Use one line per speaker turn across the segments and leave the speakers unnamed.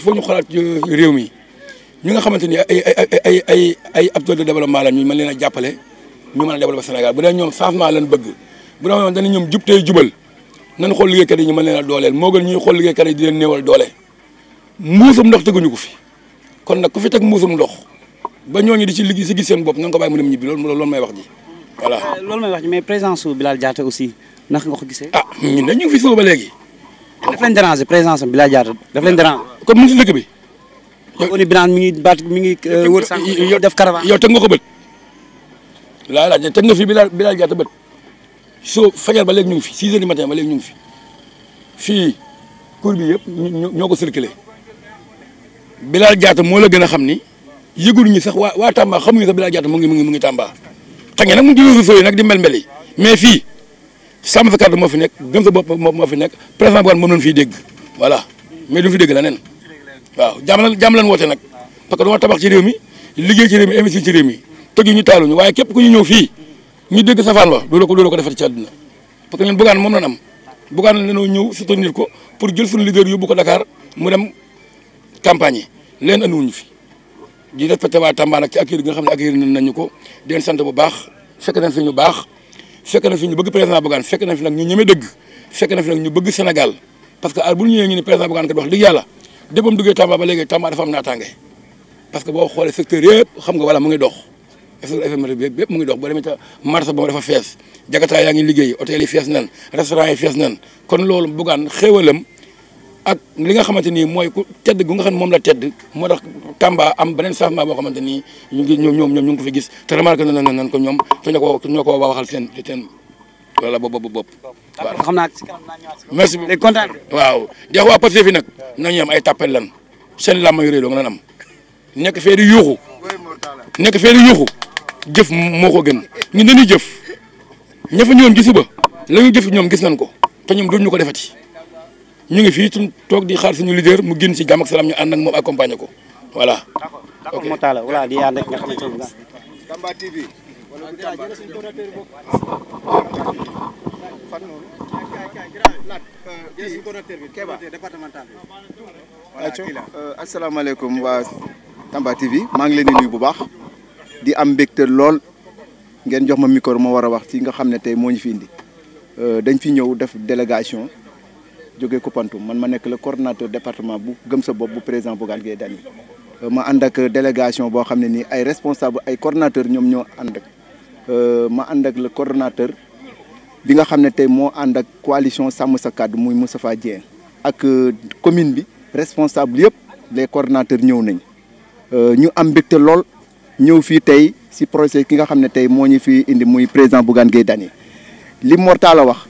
foog ñu xoolaat euh, réew mi ñi nga xamante ni ay ay ay ay la ñu mën leen a jàppale ñu mën a développer Sénégal bu dee ñoom changement lañ bëgg bu dee ñoom dañ ñoom jub tey jubal nan xool liggéeykat yi ñu mën leen a dooleel moo gën ñuy xool liggéeykat yi di leen néewal doole muusum ndox teguñu ko fi kon nag ku fi teg muusum ndox ba ñooñu di ci liggéey si gis
seen bopp nan ko bàyyi mu dem ñibbi loolu loolu may wax ji voilà euh, loolu may wax ji mais présence su Bilal aussi naka nga ko gisee. ah ñun dañu fi suba ba léegi. daf leen déranger présence am Bilal Diatta kon mu ngi si bi. ONU mi ngi baat mi ngi euh, wër sànq. yow def caravane yow teg nga ko
bët. laa laaj ne teg nga fi Bilal Bilal a bët soo fajar ba léegi ñu ngi fi 6 heures matin ba léegi ñu ngi fi fii cour bi yëpp ñoo ko circulé Bilal Diatta moo la gën a xam ni yëgul ñi sax waa waa Tamba xamuñu sax Bilal Diatta mu ngi mu ngi mu ngi Tamba. xam nga nag mu ngi ci réseaux nag di mel-mel yi mais fii sàmm sa kàddu moo fi nekk gëm sa bopp moo fi nekk président bu baax moom la ñu fiy dégg voilà. mais du fi dégg la nen waaw jàmm lan woote nag parce que dama tabax ci réew mi liggéey ci réew mi investir ci réew mi toju ñu taaluñu waaye képp ku ñu ñëw fii ñu dégg safaan wa loolu ko loolu ko defati ci àdduna parce que ñun bugaan moom lan am bugaan lanoo ñëw soutenir ko pour jël suñu leader yóbbu ko Dakar mu dem campagne yi leen andiwuñu fi di respecté waa Tamba nag ci accueil nga xam ne ak accueil nañu ko di leen sant bu baax fekk nañ fi ñu baax fekk nañ fi ñu bëgg président bugaan fekk nañ fi nag ñu ñeme dëgg fekk fi nag ñu bëgg Sénégal parce que bu ñu ñëwee ñu ne président Bougane nga wax dëgg yàlla duggee Tamba ba léegi Tamba dafa am naataange parce que boo xoolee secteur yëpp xam nga wala mu ngi dox secteur éphémère bi yëpp mu ngi dox boo demee yaa ngi liggéey hôtel yi fees nan restaurant yi fees nan kon loolu Bougane xéewalam ak li nga xamante nii mooy ku tedd gu nga xam ne moom la tedd moo tax Tamba am beneen changement boo xamante nii ñu ngi ñoom ñoom ñu ngi ko fi gis te remarqué na nan nan ko ñoo ko ñoo ko seen wala ba bopp bopp. waaw xam naa ci kanam naa ñëwaat waaw di wax waa Pastef nag nañu am ay tàppet lan seen làmb yu na doo nga am nekk fee di yuuxu nekk fee di yuuxu jëf moo ko gën ñun dañuy jëf ña fa ñëwoon gisu ba la ñu jëf ñoom gis nañ ko te ñoom duñ ñu ko defati ñu ngi fii tu toog di xaar suñu leader mu génn si jàmm ak ñu ànd ak moom accompagner ko voilà. ok d'accord d'accord
fan noonu. Euh, euh, Kéba euh, asalaamaaleykum waa Tamba TV maa ngi leen di bu baax di am mbégte lool ngeen jox ma micro ma war a wax ci nga xam ne tey moo ñu fi indi dañ fi ñëw def délégation jóge Koupantoum man ma nekk le coordonnateur département bu gëm sa bopp bu président Bougane Gueye Dany ma àndak délégation boo xam ne nii ay responsable ay coordonnateur ñoom ñoo ànd Euh, ma ànd ak le coordonnateur bi nga xam ne tey moo ànd ak coalition sàmm sa kàddu muy Moustapha Dieng ak euh, commune bi responsable yëpp les coordonnateurs ñëw nañ euh, ñu am mbégte lool ñëw fii tey si projet ki nga xam ne tey moo ñu fi indi muy président Bougane Gueye Dany li a wax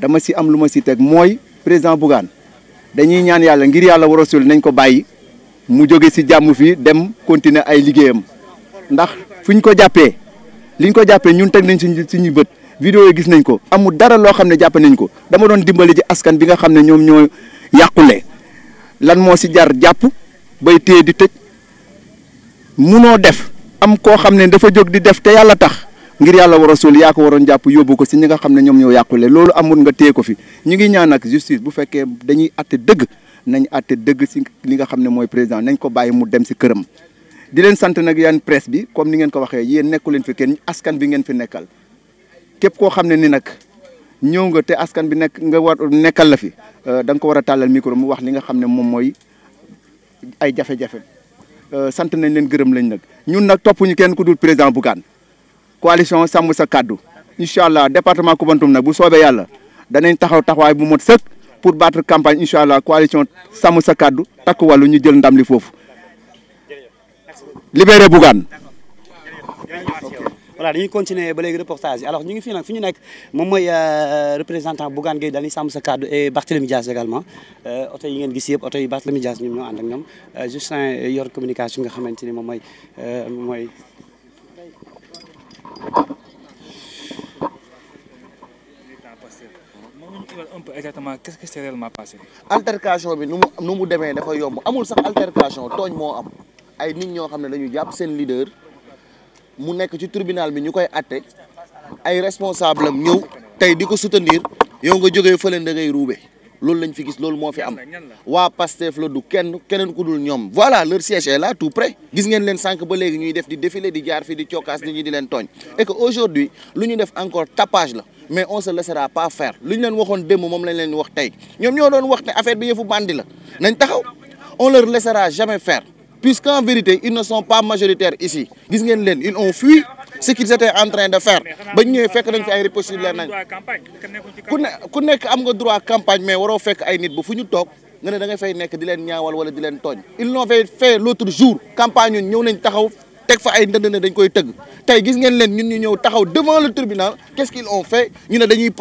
dama si am lu ma si teg mooy président Bougane dañuy ñaan yàlla ngir yàlla war a sul nañ ko bàyyi mu jóge si jàmm fii dem continuer ay liggéeyam ndax fu ñu ko jàppee liñ ko jàppee ñun teg nañ suñu suñuy bët vidéo yi gis nañ ko amul dara loo xam ne jàpp nañ ko dama doon dimbali ji askan bi nga xam ne ñoom ñoo yàqule lan moo si jar jàpp bay téye di tëj munoo def am koo xam ne dafa jóg di def te yàlla tax ngir yàlla war a suul yaa ko waroon jàpp yóbbu ko si ñi nga xam ne ñoom ñoo yàqule loolu amul nga téye ko fi ñu ngi ñaan ak justice bu fekkee dañuy àtte dëgg nañ àtte dëgg si li nga xam ne mooy président nañ ko bàyyi mu dem si këram. di leen sant nag yaan presse bi comme ni ngeen ko waxee yéen nekku leen fi kenn askan bi ngeen fi nekkal képp koo xam ne ni nag ñëw nga te askan bi nekk nga war nekkal la fi euh, danga ko war a tàllal micro mu wax li nga xam ne moom mooy ay jafe-jafe euh, sant nañ leen gërëm lañ nag ñun nag topp ñu kenn ku dul président Bougane coalition sam sa kàddu incha allah département Koubantoum nag bu soobee yàlla danañ taxaw taxawaay bu mot sëkk pour battre campagne incha allah coalition sàmm sa kàddu takk wàllu ñu jël ndam li foofu libéré Bougane.
voilà dañuy continuer ba léegi reportage yi alors ñu ngi fi nag fi ñu nekk moom mooy euh, représentant Bougane Gueye Dany Sàmm Sa Kàddu et Barthélémy Dias également euh, oto yi ngeen gis yëpp oto yi Barthélémy Dias ñoom ñoo ànd ak ñoom euh, Justin yor communication nga xamante ni moom mooy mooy.
un peu exactement qu'est-ce qui s'est réellement passé. altercation bi nu mu nu mu demee dafa yomb amul sax altercation tooñ moo am. ay nit ñoo xam ne dañu jàpp seen leader mu nekk ci tribunal bi ñu koy atte ay responsable am ñëw tey di ko soutenir yow nga jógee fële da ngay ruube loolu lañ fi gis loolu moo fi am waa Pastef la du kenn keneen ku dul ñoom voilà leur siège est là tout près gis ngeen leen sànq ba léegi ñuy def di défilé di jaar fii di cokkaas nit ñi di leen tooñ et que aujourd'hui lu ñu def encore tapage la mais on se laissera pas faire lu ñu leen waxoon démb moom lañ leen wax tey ñoom ñoo doon wax ne bi yëfu bandi la nañ taxaw on leur laissera faire puisqu'en vérité ils ne sont pas majoritaires ici gis ngeen leen ils ont fui ce qu'ils étaient en train de faire ba ñëwee fekk nañ fi ay ripostes nañ ku nekk am nga droit campagne mais waroo fekk ay nit ba fu ñu toog nga ne da nga nekk di leen ñaawal wala di leen tooñ ils l'ont fait l'autre jour campagne ñëw nañ taxaw teg fa ay ndënd ne dañ koy tëgg tey gis ngeen leen ñun ñu ñëw taxaw devant le tribunal qu'est-ce qu'ils ont fait ñu ne dañuy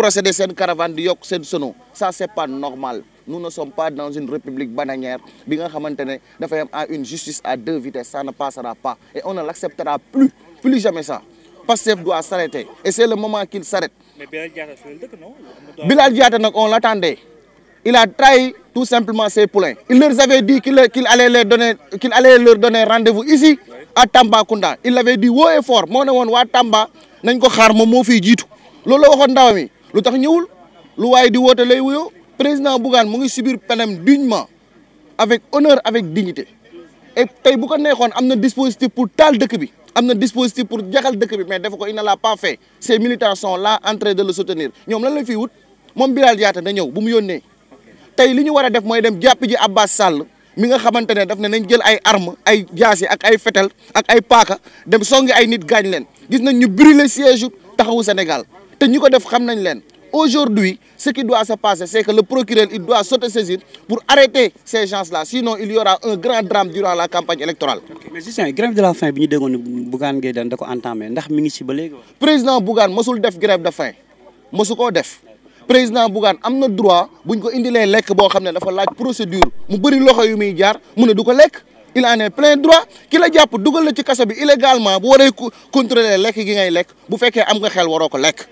nous ne sommes pas dans une république bananière bi nga xamante ne dafay am une justice à deux vitesses ça ne passera pas et on ne l'acceptera plus plus jamais ça Pastef doit s'arrêter et c'est le moment qu'il s'arrête Bilal Diatta nag on l'attendait il a trahi tout simplement ses poulains il leur avait dit qu'il qu'il allait leur donner qu'il allait leur donner rendez-vous ici il l'avait dit haut et fort moo ne woon waa Tamba nañ ko xaar moom moo fiy jiitu loolu la mi lu tax ñëwul lu waaye di woote président Bougane mu ngi subir penem dignement avec honneur avec dignité et tey bu ko neexoon am na dispositif pour taal dëkk bi am na dispositif pour jaxal dëkk bi mais dafa ko il l'a pas fait militation militants sont là en de le soutenir ñoom lan lañ fi wut moom Bilal Diatta na ñëw bu mu yónnee tey li ñu war a def mooy dem jàpp ji Abbas sàll mi nga xamante ne daf ne nañ jël ay armes ay jaas ak ay fetel ak ay paaka dem songi ay nit gaañ leen gis nañ ñu brûler siège taxawu Sénégal te ñi ko def xam nañ leen Aujourd'hui, ce qui doit se passer, c'est que le procureur, il doit s'autosaisir pour arrêter ces gens-là. Sinon, il y un grand drame durant la campagne électorale. Okay.
Mais c'est grève de la faim, nous avons Bougane
Gueye dañ ko entamé ndax mi ngi ci ba léegi. Président Bougane mosul def grève de faim mosu koo def président Bougane am na droit buñ ko indilee lekk boo xam ne dafa laaj procédure mu bëri loxo yu muy jaar mu ne du ko lekk. il en est plein droit jàpp dugal la ci kaso bi illégalement bu waree contrôler lekk gi lekk bu fekkee am nga xel waroo ko lekk.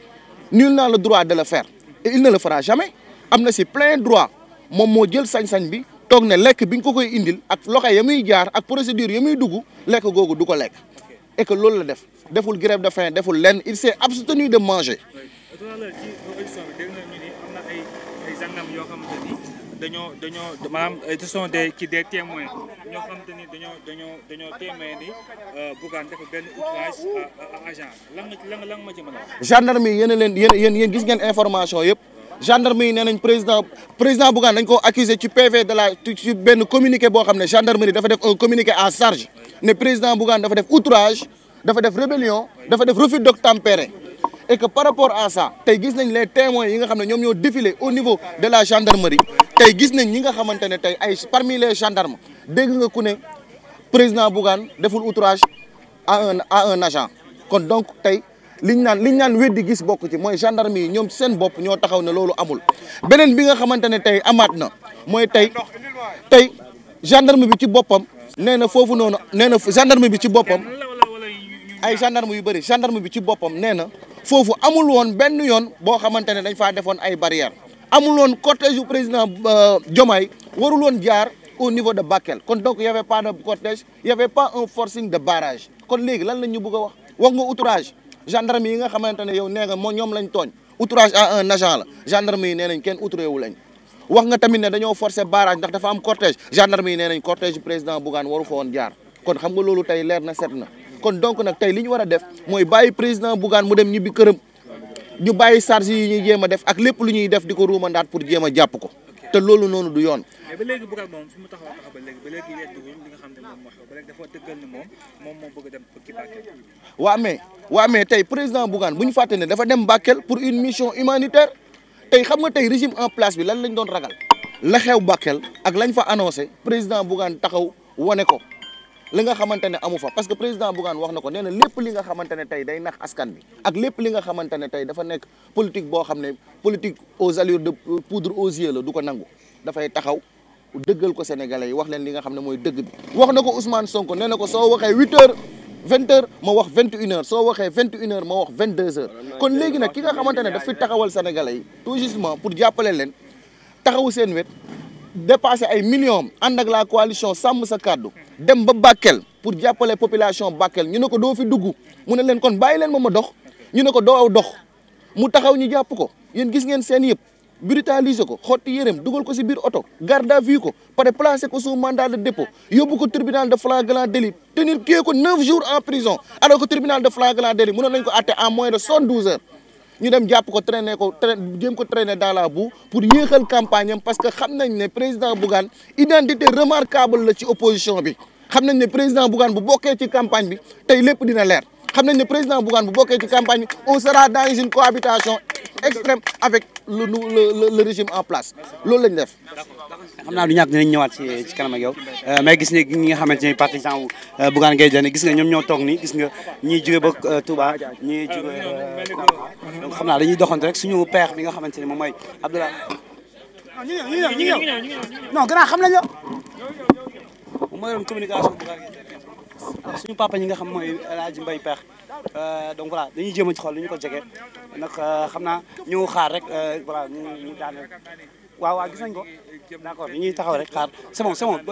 nul n'a le droit de le faire et il ne le fera jamais am na si plein droit moom moo jël sañ-sañ bi toog ne lekk bi nga ko koy indil ak loxo ya muy jaar ak procédure ya muy dugg lekk googu du ko lekk et que loolu la def deful grève de faim deful lenn il s'est abstenu de manger.
dañoo dañoo maanaam euh, ce des qui des témoins ñoo ni dañoo dañoo dañoo témoin ni euh, Bougane dafa benn outrage à agent lan nga ma ci mën a
wax. gendarme yi yéen a leen yéen yéen gis ngeen information yëpp. gendarmerie yi nee nañ président président Bougane dañ ko accusé ci PV de la ci benn communiqué boo xam ne gendarmerie dafa def un communiqué à charge ne président Bougane dafa def outrage dafa def rébellion dafa def refus d'obtempérer et que par rapport à ça tey gis nañ les témoins yi nga xam ne ñoom ñoo défilé au niveau de la gendarmerie tey gis nañ ñi nga xamante ne tey ay parmi les gendarmes dégg nga ku ne président Bougane deful outrage à un à un agent kon donc tey liñ naan liñ naan weddi gis bokk ci mooy gendarme yi ñoom seen bopp ñoo taxaw ne loolu amul beneen bi nga xamante ne tey amaat na mooy tey tey gendarme bi ci boppam nee na foofu noonu nee na gendarme bi ci boppam ay yu bëri gendarme bi ci boppam nee na foofu amul woon benn yoon boo xamante ne dañ faa defoon ay barrière amuloon cortège yu président jomay euh, Diomaye loon jaar au niveau de Bakel kon donc y avait pas de cortège y avait pas un forcing de barrage kon léegi lan lañ ñu bëgg a wax wax nga outrage gendarme yi nga xamante ne yow nee nga moo ñoom lañ tooñ outrage à un agent la gendarme yi nee nañ kenn outré wu lañ wax nga tamit ne dañoo forcer barrage ndax dafa am cortège gendarme yi nee nañ président Bougane waru fa woon jaar kon xam nga loolu tey leer na na kon donc nag tey li ñu war a def mooy bàyyi président Bougane mu dem ñibbi këram. ñu bàyyi charge yi ñuy jéem a def ak lépp lu ñuy def di ko ruumandaat pour jéem a jàpp ko te loolu noonu du yoon.
léegi Boucar moom mu taxaw ba léegi ba nga xam ne moom wax ba léegi dafa moom moom moo bëgg dem
waa mais waa mais tey président Bougane bu ñu fàtte dafa dem Bakel pour une mission humanitaire tey xam nga tey régime en place bi lan lañ doon ragal la xew Bakel ak lañ fa annoncé président Bougane taxaw wane ko. li nga xamante ne amu fa parce que président Bougane wax na ko nee na lépp li nga xamante ne tey day nax askan bi ak lépp li nga xamante ne tey dafa nekk politique boo xam ne politique aux allures de poudre aux yeux la du ko nangu dafay taxaw dëggal ko sénégalais yi wax leen li nga xam ne mooy dëgg bi. wax na ko Ousmane Sonko nee na ko soo waxee huit heures vingt heures ma wax vingt une soo waxee vingt une wax vingt deux heures kon léegi nag ki nga xamante ne daf taxawal sénégalais yi tout pour jàppale leen taxawu seen wet. dépassé ay millions ànd ak la coalition sàmm sa kàddu dem ba Bakel pour jàppale population Bakel ñu ne ko doo fi dugg mu ne leen kon bàyyi leen ma ma dox ñu ne ko doo dox mu taxaw ñu jàpp ko yéen gis ngeen seen yëpp brutaliser ko xotti yéreem dugal ko si biir oto garde à vue ko pare placé ko sous mandat de dépôt yóbbu ko tribunal de flagrant délit tenir kii ko neuf jours en prison alors que tribunal de flagrant délit mënoon nañ ko àtte en moins de soixante ñu dem jàpp ko traîner ko jéem ko traîner dans la campagne parce que xam nañ ne président Bougane identité remarquable la ci opposition bi xam nañ ne président Bougane bu bokkee ci campagne bi tey lépp dina leer xam nañ ne président Bougane bu bokkee ci campagne bi on sera dans une cohabitation extrême avec
le le le régime en place loolu la ñu def. xam naa du ñàkk dinañ ñëwaat ci ci kanam ak yow euh, mais gis nga ñi nga xamante ni partisan wu euh, Bougane Gueye Dany gis nga ñoom ñoo toog nii gis nga ñiy jóge ba euh, Touba ñiy jóge donc xam naa dañuy doxante rek suñu père bi nga xamante ni moom mooy Abdoulaye. ñu ngi ñëw ñu ngi ñëw ñu ngi ñëw non grand xam nañu moom mooy doon communication Bougane Gueye Dany suñu papa ñi nga xam mooy El Hadj Mbaye Pekh. Euh, donc voilà dañuy jéem a ci xool li ñu ko jege nag euh, xam naa ñu xaar rek euh, voilà ñu ñu daaneel waaw waaw gis nañ ko d'accord ñuy taxaw rek xaar c'est semon